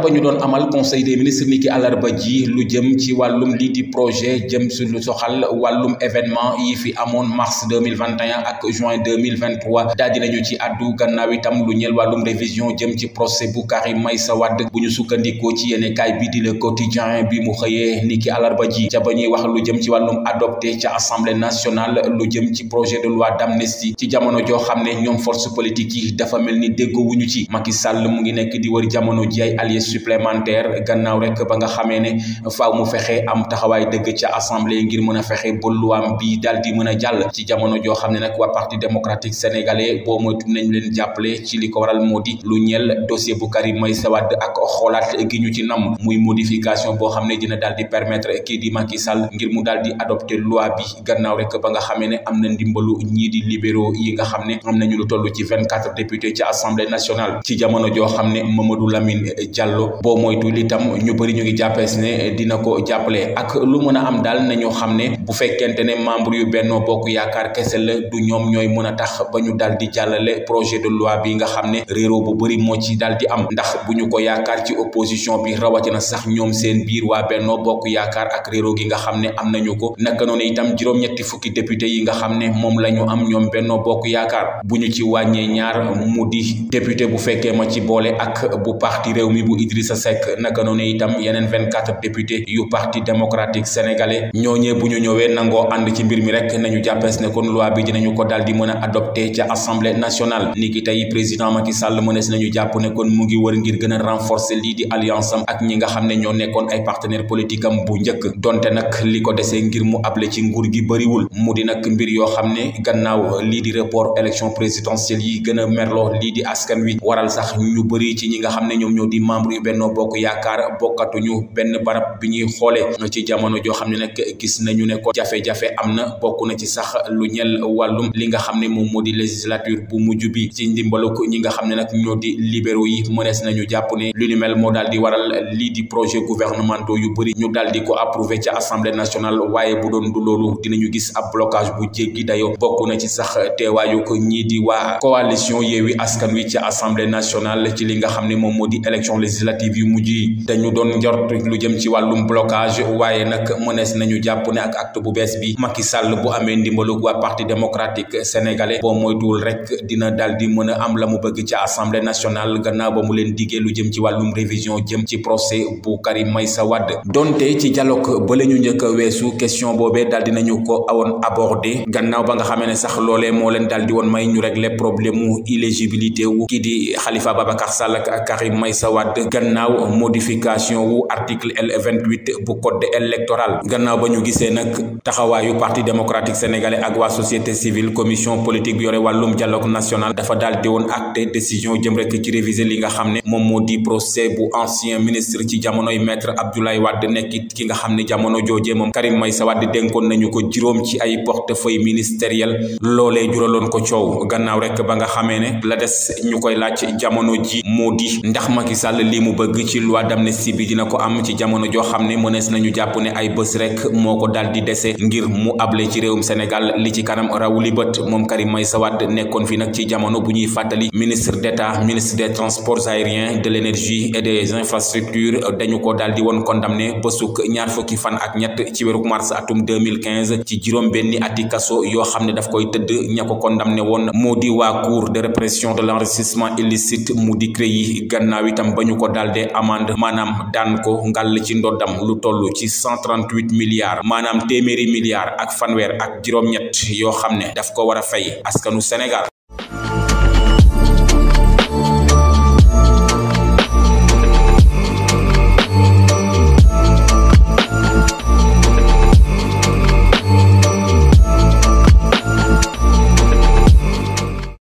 àllarba ñu doon amal conseil des ministres niki alarbadji, le ji lu jëm ci walum li di projet jëm si lu soxal walum événement yi fi amone mars 2021 ak juin 2023 dal dinañu ci addu gannaaw itam lu ñël walum révision jëm ci procès bu Karim Meïssa Wade buñu sukkandiko ci yéene kaay bi di le quotidien bi mu xëyee niki alarba ji ca bañuy wax lu jëm ci walum adopté ci assemblée nationale lu jëm ci projet de loi d'amnistie ci jamono jo xamné ñom force politique yi dafa melni ni wuñu ci Macky Sall mu ngi nekk di wër jamono ji ay alliés supplémentaire gannaaw rek ba nga xamé né faaw mu fexé am taxawaay deug ci assemblée ngir mëna fexé bo ba bi daldi mëna jall ci jamono parti démocratique sénégalais boo moytu nañ leen jàppale ci liko waral lu dossier bu Karim Meïssa Wade ak xolaat giñu ci nam muy modification bo xamné dina permettre ki di Macky Sall ngir mu daldi adopter loi bi gannaaw rek ba nga xamee am na ndimbalu di libéraux yi nga xamné lu ci vingt députés ci assemblée nationale ci jamono jo xamné Mamadou Lamine Diallo jàllo boo moytul itam ñu bëri ñu ngi jàppee ne dina ko jàppale ak lu mën a am daal nañu xam ne bu fekkente ne membre yu Benno Bokk Yaakaar kese la du ñoom ñooy mën a tax ba ñu daal di jàllale projet de loi bi nga xam ne réeroo bu bëri moo ci daal di am ndax bu ñu ko yaakaar ci opposition bi rawatina sax ñoom seen biir waa Benno Bokk Yaakaar ak réeroo gi nga xam ne am nañu ko naka noonu itam juróom-ñetti fukki député yi nga xam ne moom la ñu am ñoom Benno Bokk Yaakaar bu ñu ci wàññee ñaar mu di député bu fekkee ma ci boole ak réew mi Idrissa Seck naka noonu itam yeneen 24 député yu parti démocratique sénégalais ñooñee bu ñu ñëwee nangoo ànd ci mbir mi rek nañu jàppees ne loi bi dinañu ko daal di mën a adopté ca assemblée nationale ni ki tey président a am ak ñi nga xam ne ñoo nekkoon ay partenaire politique am bu njëkk donte nag li ko desee ngir mu able ci nguur gi bëriwul mu di nag mbir yoo xam ne gannaaw lii di report élection présidentielle yi gën a merloo lii di bokkuñu bennoo bokk yaakaar bokkatuñu benn barab bi ñuy xoole ci jamono joo xam gis nañu ne ko jafe-jafe am na bokk na ci sax lu ñel wàllum li nga xam ne moom moo di législature bu mujj bi ci ndimbaluk ñi nga xam ne nag ñoo di libéraux yi mënees nañu jàpp ne lu mel waral lii di projet gouvernementaux yu bëri ñu ko approuvé ca assemblée nationale waaye bu doon du loolu dinañu gis ab blocage bu jéggi dayo bokk na ci sax ko di coalition Yewi Askan Wi ca assemblée nationale ci li nga xam ne moom élection législative législatives yu mujj dañu don njort lu jëm ci walum blocage waye nak menes nañu japp ne ak acte bu bi Macky Sall bu amé wa parti démocratique sénégalais moy dul rek dina Daldi mëna am la mu bëgg ci assemblée nationale gannaaw ba mu leen diggé lu jëm ci walum révision jëm ci procès bu Karim Meïssa Wade donté ci dialogue ba la ñëk question bobe daldi nañu ko awoon aborder gannaaw ba nga xamé ne sax lolé mo leen daldi di may ñu régler problème ou illégibilité wu qui di Khalifa Babacar Sall ak Karim Maïsawad. Wade gannaaw modification wu article L28 bu code électoral gannaaw ba ñu gisee nag parti démocratique sénégalais ak waa société civile commission politique bi yore wàllum dialogue national dafa daal di woon acte décision jëm rek ci réviser li nga xam ne procès bu ancien ministre ci jamonoy maître Abdoulaye Wade nekk ki nga xam ne jamono joojee Karim Meïssa Wade dénkoon nañu ko juróom ci ay portefeuille ministériel loolee juraloon ko coow gannaaw rek ba nga xamee ne la des ñu koy laaj ji moo ndax Macky li mu bëgg ci loi d'amnistie bi dina ko am ci jamono jo xam ne mënees nañu japp ne ay bëss rek moko dal di ngir mu ablé ci réewum Sénégal li ci kanam raw li bët moom Karim Meïssa Wade fi nak ci jamono bu ñuy fatali ministre d'État ministre des transports aériens de l'énergie et des infrastructures dañu ko daal di condamné bësuk ñaar fukki fan ak ñett ci wéruk mars atum 2015 ci juróom benni ati kaso yoo xam daf koy teud ñako condamné won modi wa cour de répression de l'enrichissement illicite mu di créé gannaaw itam bañu ko daal de amande maanaam daan ko ngal ci ndoddam lu toll ci cent trente huit milliards maanaam téeméeri milliards ak fanweer ak juróom-ñett yoo xam ne daf ko war a fay askanu Sénégal